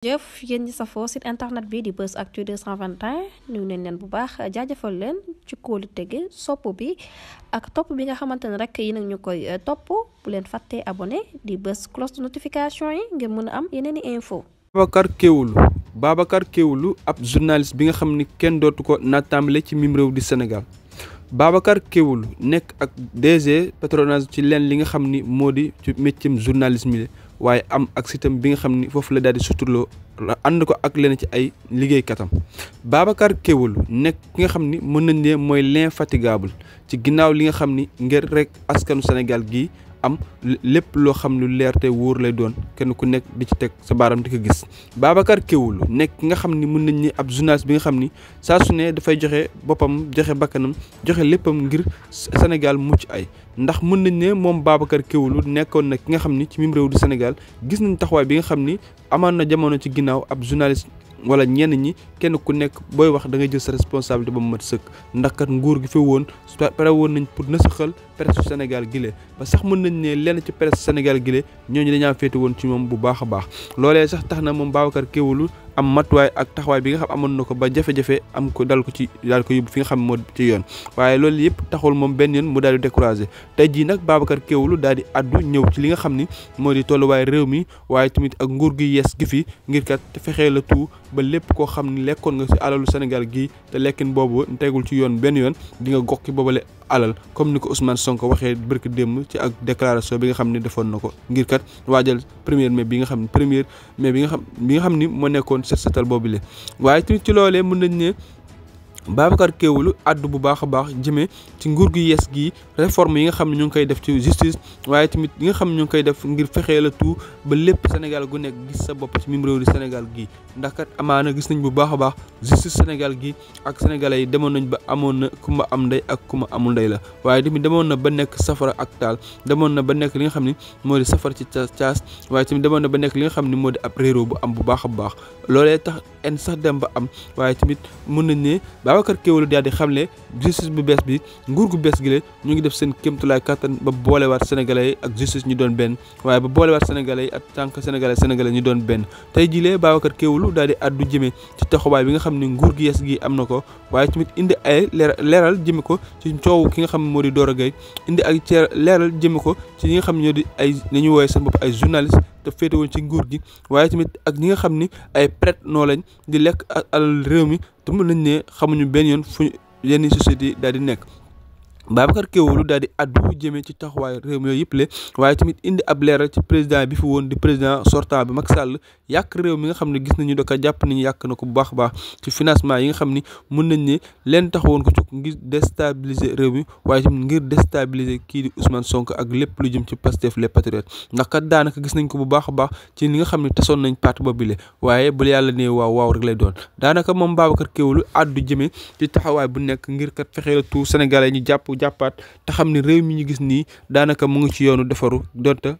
jëf yéen ñi safoo site internet bi di Buzz Actu 221 ñu neen leen bu baax jaajëfal leen ci kóolu tege sopp bi ak topp bi nga xamante ne rek yi nag ñu koy eh, topp bu leen fàttee abone di bës cloche de notification yi ngir mën a am yeneen i info Babacar Kéwoulo Babacar Kéwoulo ab journaliste bi nga xam ni kenn dootu ko naataamle ci mim réew di Sénégal Babacar Kewul nekk ak DG Petronas ci leen li nga xam ni moo di ci métier journalisme waaye am ak sitam bi nga xam ni foofu la daal di suturloo ànd ko ak leen ci ay liggéeykatam Babacar Kewul nekk ki nga xam ni mën nañ ne mooy l'infatigable ci ginnaaw li nga xam ni ngir rek askanu Sénégal gi am lépp loo xam lu leer te wóor lay doon kenn ku nekk di ci teg sa baaram di ko gis Babacar Kewoulo nekk ki nga xam ni mun nañ ni ab journaliste bi nga xam ni saa su ne dafay joxe boppam joxe bakkanam joxe léppam ngir Sénégal mucc ay ndax mën nañ ne moom Babacar Kewoulo nekkoon na ki nga xam ni ci mim réew du Sénégal gis nañ taxawaay bi nga xam ni amaan na jamono ci ginnaaw ab journaliste wala ñenn ñi kenn ku nekk booy wax da ngay jël sa responsabilité ba mu mat sëkk ndax kat nguur gi fi woon pare woon nañ pour nasaxal presse Sénégal gile ba sax mën nañ nee lenn ci presse Sénégal gile ñooñu dañaa féete woon ci moom bu baax a baax loolee sax tax na moom Babacar Kéwoulo am matuwaay ak taxawaay bi nga xam amoon na ko ba jafe-jafe am ko dal ko ci daal ko yóbbu fi nga xam moo ci yoon waaye loolu yëpp taxul moom benn yoon mu daal di découragé tey ji nag Babacar Kéwoulo daal di addu ñëw ci li nga xam ni moo di tolluwaay réew mi waaye tamit ak nguur gi yees gi fi ngir kat fexee la tout ba lépp koo xam ni lekkoon nga si alalu Sénégal gi te lekkin boobu tegul ci yoon benn yoon di nga gokki boobale alal comme ni ko Ousmane Sonko waxee bërk démb ci ak déclaration bi nga xam ne defoon na ko ngir kat waajal premier mai bi nga xam ne premier mai bi nga xam bi nga xam ni moo nekkoon set setal boobu le waaye tamit ci loolee mën nañ ne Babacar Kéwoulo àddu bu baax a baax jëmee ci nguur gi yees gi réforme yi nga xam ne ñoo ngi koy def ci justice waaye tamit yi nga xam ne ñu ngi koy def ngir fexee la tout ba lépp Sénégal gu nekk gis sa bopp ci mim réew di Sénégal gi ndax kat amaana gis nañ bu baax a baax justice Sénégal gi ak sénégalais yi demoon nañ ba amoon na kumba am ndey ak ku ma amul ndey la waaye tamit demoon na ba nekk safara ak demoon na ba nekk li nga xam ne moo di safara ci caas waaye tamit demoon na ba nekk li nga xam ne moo di ab bu am bu baax a baax loolee tax en sax dem ba am waaye tamit mën nañ ne Babacar Kéwélu daal di xamle justice bu bees bi nguur gu bees gi la ñu ngi def seen kéemtulaay kattan ba boolewaat sénégalais yi ak justice ñu doon benn waaye ba boolewaat sénégalais yi ak tànk sénégalais sénégalais ñu doon benn tey jii lee Babacar Kéwélu daal di addu jëmee ci taxawaay bi nga xam ne nguur gi yes gi am na ko waaye tamit indi ay leeral jëme ko ci coow ki nga xam moo di Doro Gaye indi ay leeral jëme ko ci ñi nga xam ne ñoo di ay nañu woowee seen bopp ay journaliste te féete ci nguur gi waaye tamit ak ñi nga xam ni ay prête noo lañ di lekk alal réew mi te mën nañ ne xamuñu benn yoon fu yenn société daal di nekk Babacar Kewoolu daal di addu jëmee ci taxawaayu réew mi yëpp le waaye tamit indi ab leeral président bi fi woon di président sortant bi Macky yàq réew mi nga xam ne gis nañu da jàpp nañu yàq na ko bu baax baax ci financement yi nga xam ni mun nañ ne leen taxawoon ko ci ngir déstabiliser réew mi waaye tamit ngir déstabiliser kii di Ousmane ak lépp lu jëm ci Pastef les patriotes ndax kat daanaka gis nañ ko bu baax a baax ci li nga xam ne tasoon nañ parti boobu le waaye bu yàlla nee waaw waaw rek lay doon daanaka moom Babacar Kewoolu addu jëmee ci taxawaay bu nekk ngir kat fexee la tout Sénégalais ñu jàpp jàpp jàppaat te xam ne réew mi ñu gis nii daanaka mu ngi ci yoonu defaru donte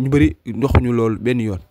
ñu bëri njoxuñu loolu benn yoon.